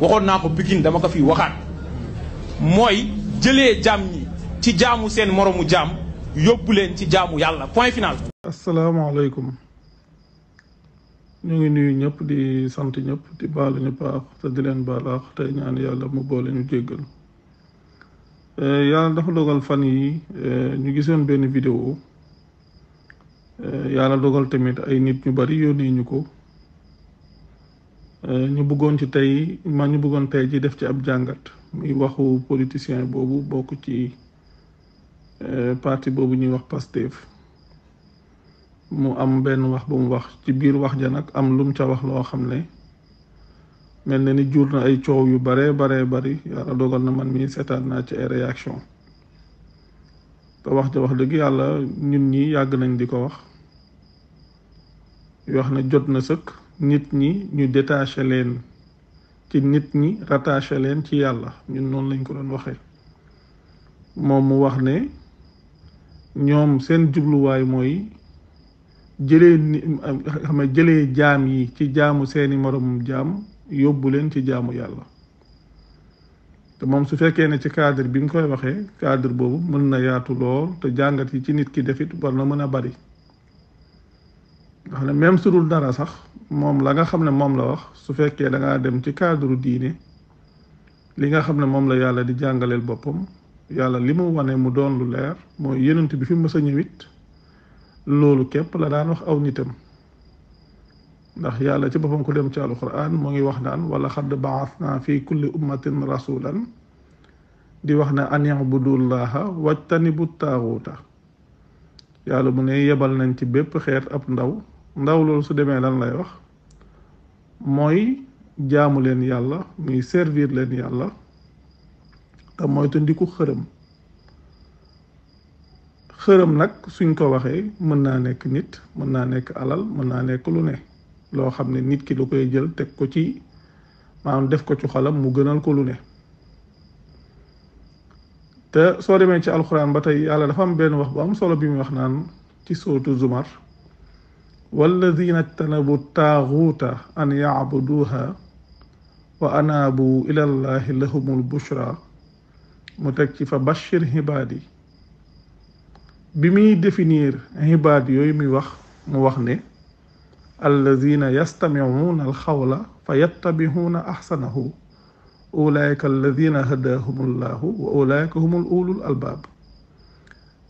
waxoon naa ko Pikine dama ko fi waxaat mooy jëlee jaam yi ci jaamu seen moroomu jaam yóbbu leen ci jaamu yàlla point final. asalaamaaleykum ñu ngi nuyu ñëpp di sant ñëpp di baalu ñu baax te di leen baalaax tey ñaan yàlla mu boole ñu jéggal eh, yàlla dafa dogal fan yi eh, ñu gisoon benn vidéo eh, yàlla dogal tamit ay nit ñu bari yónnee ñu ko. Euh, ñu bëggoon ci tey ma ñu bëggoon tey ji def ci ab jàngat muy waxu politicien boobu bokk ci euh, parti boobu ñuy wax Pastef mu am benn wax bu mu wax ci biir wax ja nag am lu mu ca wax loo xam ne mel na ni jur na ay coow yu bare bare bari yàlla dogal na man mii seetaan naa ci ay réaction te wax ja wax dëgg yàlla ñun ñi yàgg nañ di ko wax yoo xam ne jot na sëkk nit ñi ñu détaché leen ci nit ñi rattaché leen ci yàlla ñun noonu lañ ko doon waxee moom mu wax ne ñoom seen jubluwaay mooy jëlee xama jëlee jaam yi ci jaamu seeni moroomu jaam yóbbu leen ci jaamu yàlla te moom su fekkee ne ci cadre bi mu koy waxee cadre boobu mën na yaatu lool te jàngat yi ci nit ki defit war na mën a bari nga xam ne même su dul dara sax moom la nga xam ne moom la wax su fekkee da ngaa dem ci cadre diine li nga xam ne moom la yàlla di jàngaleel boppam yàlla li mu wane mu doon lu leer mooy yenent bi fi mës a ñëwit loolu képp la daan wax aw nitam ndax yàlla ci boppam ku dem ci alquran mu ngi wax naan wala xadd baasna fi kulli ummatin rasulan di wax ne an yabudullaha wajtanibu taaxuuta yàlla mu ne yebal nañ ci bépp xeet ab ndaw ndaw loolu su demee lan lay wax mooy jaamu leen yàlla muy servir leen yàlla te moytandiku xërëm xërëm nag suñ ko waxee mën naa nekk nit mën naa nekk alal mën naa nekk lu ne loo xam nit ki lu koy jël teg ko ci maanaam def ko ci xolam mu gënal ko lu ne te soo demee ci alxuraan ba tey yàlla dafa am benn wax bu am solo bi muy wax naan ci sootu zumar والذين اتنبوا الطاغوت أن يعبدوها وأنابوا إلى الله لهم البشرى متكفى بشر هبادي بمي دفنير هبادي يومي وخ موخني الذين يستمعون الخول فيتبعون أحسنه أولئك الذين هداهم الله وأولئك هم الأولو الألباب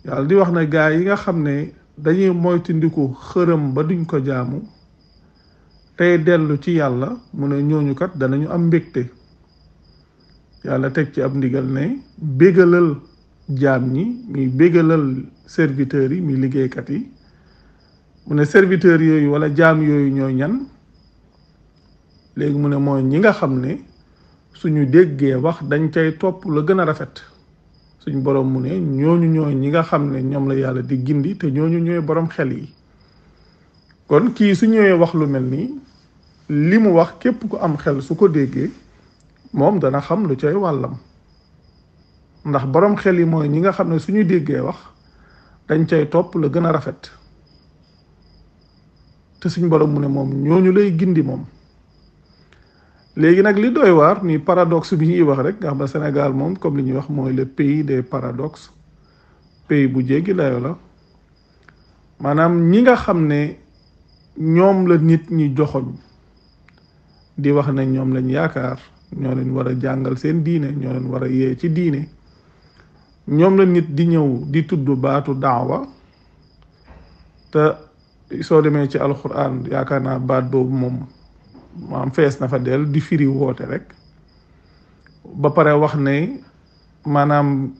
يعني دي وخنا جاي خمني dañuy moytandiku xërëm ba duñ ko jaamu tey dellu ci yàlla mu ne ñooñu kat danañu am mbégte yàlla teg ci ab ndigal ne bégalal jaam ñi muy bégalal serviteurs yi muy liggéeykat yi mu ne serviteurs yooyu wala jaam yooyu ñoo ñan léegi mu ne mooy ñi nga xam ne suñu déggee wax dañ cay topp la gën a rafet suñ borom mu ne ñooñu ñooy ñi nga xam ne ñoom la yàlla di gindi te ñooñu ñooy borom xel yi kon kii su ñëwee wax lu mel nii li mu wax képp ku am xel su ko déggee moom dana xam lu cay wàllam ndax boroom xel yi mooy ñi nga xam ne suñu déggee wax dañ cay topp la gën a rafet te suñ borom mu ne moom ñooñu lay gindi moom légi nak li doy war ni paradoxe bi ñuy wax rek nga xam Sénégal mom comme li ñuy wax moy le pays des paradoxes pays bu jéggi layo la manam ñi nga xamné ne la nit ñi joxoñ di wax na ñom lañ yaakar ñoo leen wara jangal seen diiné ñoo leen wara yé ci diiné ñom la nit di ñew di tuddu baatu da'wa te soo demee ci alcorane yaakaar na baat bobu mom maam fees na fa del di firi woote rek ba pare wax ne maanaam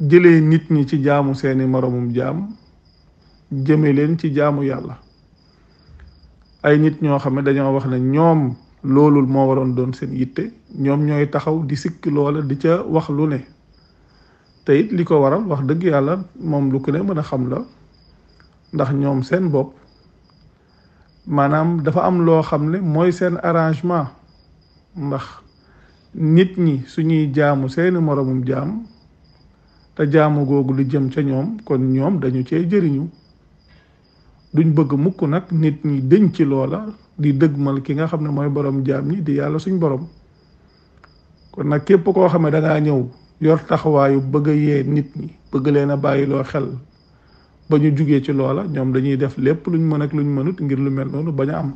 jëlee nit ñi ci jaamu seeni moromum jaam jëme leen ci jaamu yàlla ay nit ñoo xam ne dañoo wax ne ñoom loolu moo waroon doon seen yitte ñoom ñooy taxaw di sikk loola di ca wax lu ne te li ko waral wax dëgg yàlla moom lu ku mën a xam la ndax ñoom seen bopp maanaam dafa am loo xam ne mooy seen arrangement ndax nit ñi suñuy jaamu seeni moromum jaam te jaamu googu lu jëm ca ñoom kon ñoom dañu cee jëriñu duñ bëgg mukk nag nit ñi dëñ ci loola di dëgmal ki nga xam ne mooy borom jaam ñi di yàlla suñ borom kon nag képp koo xam ne dangaa ñëw yor taxawaayu bëgg yee nit ñi bëgg leen a bàyyiloo xel ba ñu jugee ci loola ñoom dañuy def lépp luñ mën ak luñ mënut ngir lu mel noonu bañ a am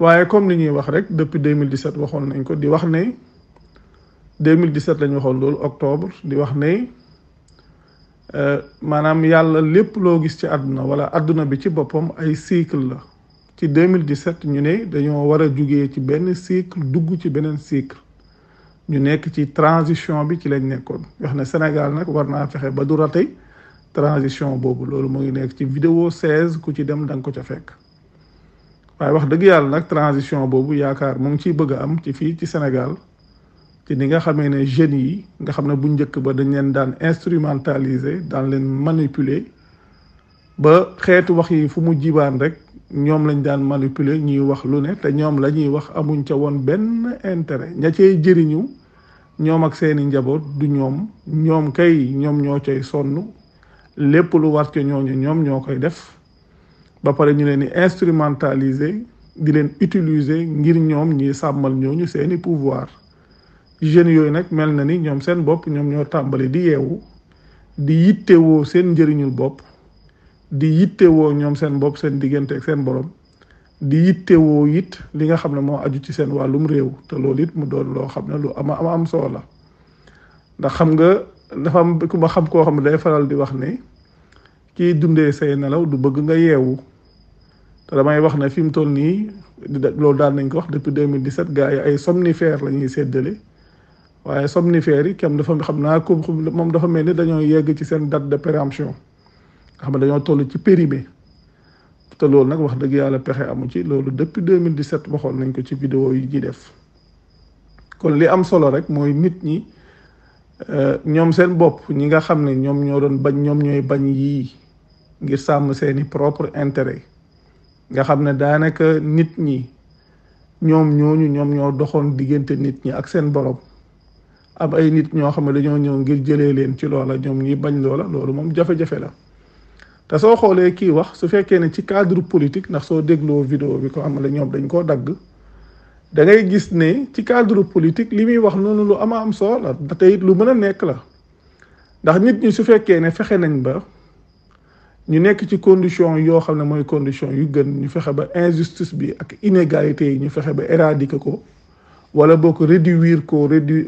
waaye comme li ñuy wax rek depuis 2017 waxoon nañ ko di wax ne 2017 lañ waxoon loolu octobre di wax ne euh, maanaam yàlla lépp loo gis ci àdduna wala àdduna bi ci boppam ay cycle la ci 2017 ñu ne dañoo war a jugee ci benn cycle dugg ci beneen cycle ñu nekk ci transition bi ci lañ nekkoon wax na Sénégal nag war naa fexe ba du ratey transition boobu loolu mu ngi ci vidéo 16 ku ci dem da ko ca fekk waaye wax transition boobu yaakaar ngi a am ci fii Sénégal ci ni nga xamee ne yi nga xam bu njëkk ba dañ leen daan instrumentaliser daan leen manipuler ba xeetu wax yi fu mu jibaan rek ñoom lañ daan manipuler ñuy wax lu te wax intérêt ña jëriñu ak seeni du lépp lu war ñooñu ñoom ñoo koy def ba pare ñu leen di instrumentaliser di leen utiliser ngir ñoom ñi sàmmal ñooñu seeni pouvoir jeunes yooyu nag mel na ni ñoom seen bopp ñoom ñoo tàmbali di yeewu di yittewoo seen njëriñul bopp di yittewoo ñoom seen bopp seen diggante ak seen borom di yittewoo it li nga xam ne moo aju ci seen wàllum réew te loolu it mu doon loo xam ne lu ama am am solo la ndax xam nga. dafa am ku ma xam koo xam ne day faral di wax ne kii dundee say nelaw du bëgg nga yeewu te damay wax ne fi mu toll nii loolu daal nañ ko wax depuis 2017 gars yi ay somnifères la ñuy séddale waaye somnifères yi kam dafa xam naa ko moom dafa mel ni dañoo yegg ci seen dat de péremption nga xam ne dañoo toll ci périmé te loolu nag wax dëgg yàlla pexe amu ci loolu depuis 2017 waxoon nañ ko ci vidéo yi ji def kon li am solo rek mooy nit ñi. Euh, ñoom seen bopp ñi nga xam ne ñoom ñoo doon bañ ñoom ñooy bañ yii ngir sàmm seeni propre intérêt nga xam ne daanaka nit ñi ñoom ñooñu ñoom ñoo doxoon diggante nit ñi ak seen borom ab ay nit ñoo xam ne dañoo ñëw ngir jëlee leen ci loola ñoom ñuy bañ loola loolu moom jafe-jafe la te soo xoolee kii wax su fekkee ne ci cadre politique ndax soo dégloo vidéo bi ko xam la ñoom dañ koo dagg da ngay gis ne ci cadre politique li muy wax noonu lu ama am soo la ba tey lu mën a nekk la ndax nit ñi su fekkee ne fexe nañ ba ñu nekk ci condition yoo xam ne mooy condition yu gën ñu fexe ba injustice bi ak inégalité yi ñu fexe ba éradiquer ko wala boo ko réduire ko réduire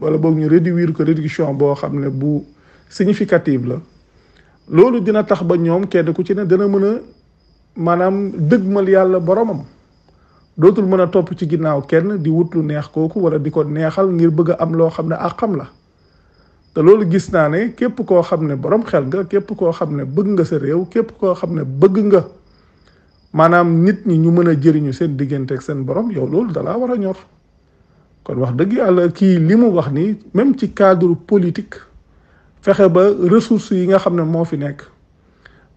wala boog ñu réduire ko réduction boo xam ne bu significative la loolu dina tax ba ñoom kenn ku ci ne dana mën a maanaam dëgmal yàlla boromam dootul mën a topp ci ginnaaw kenn di wut lu neex kooku wala di ko neexal ngir bëgg am loo xam ne xam la te loolu gis naa ne képp koo xam ne borom xel nga képp koo xam ne bëgg nga sa réew képp koo xam ne bëgg nga maanaam nit ñi ñu mën a jëriñu seen diggante ak seen borom yow loolu dalaa war a ñor kon wax dëgg àll kii li mu wax nii même ci cadre politique fexe ba ressources yi nga xam ne moo fi nekk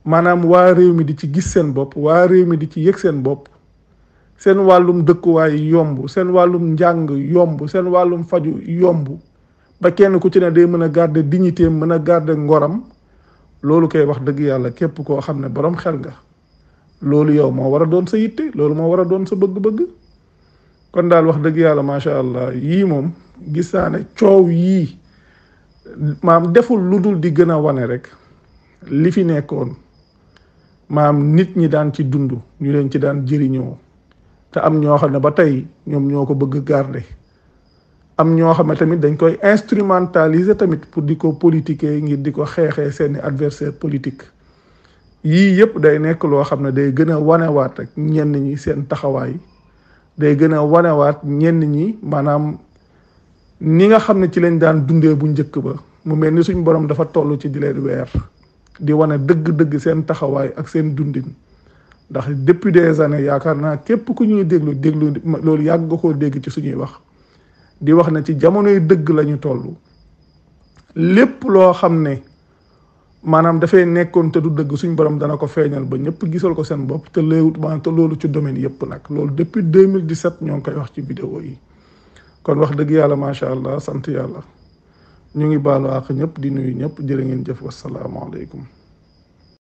maanaam waa réew mi di ci gis seen bopp waa réew mi di ci yëg seen bopp seen wàllum dëkkuwaay yomb seen wàllum njàng yomb seen wàllum faju yomb ba kenn ku ci ne day mën a garder dignité mën a garder ngoram loolu kay wax dëgg yàlla képp koo xam ne boroom xel nga loolu yow moo war a doon sa yitte loolu moo war a doon sa bëgg-bëgg kon daal wax dëgg yàlla macha allah yii moom gis naa ne coow yii maam deful lu dul di gën a wane rek li fi nekkoon maam nit ñi daan ci dund ñu leen ci daan jëriñoo. te am ñoo xam ne ba tey ñoom ñoo ko bëgg garder am ñoo xam ne tamit dañ koy instrumentaliser tamit pour di ko politiquer ngir di ko xeexee seen adversaire politique yii yépp day nekk loo xam ne day gën a wanewaat rek ñenn ñi seen taxawaay day gën a wanewaat ñenn ñi maanaam ni nga xam ne ci lañ daan dundee bu njëkk ba mu mel ni suñ borom dafa toll ci di leen weer di wane dëgg-dëgg seen taxawaay ak seen dundin ndax depuis des années yaakaar naa képp ku ñuy déglu déglu loolu yàgg koo dégg ci suñuy wax di wax na ci jamonoy dëgg lañu ñu lépp loo xam ne maanaam dafay nekkoon te du dëgg suñ borom dana ko feeñal ba ñëpp gisal ko seen bopp te léewut maanaam te loolu ci domaine yëpp nag loolu depuis 2017 ñoo ngi koy wax ci vidéo yi kon wax dëgg yàlla macha allah sant yàlla ñu ngi baalu àq ñëpp di nuyu ñëpp jërë ngeen jëf wasalaamaaleykum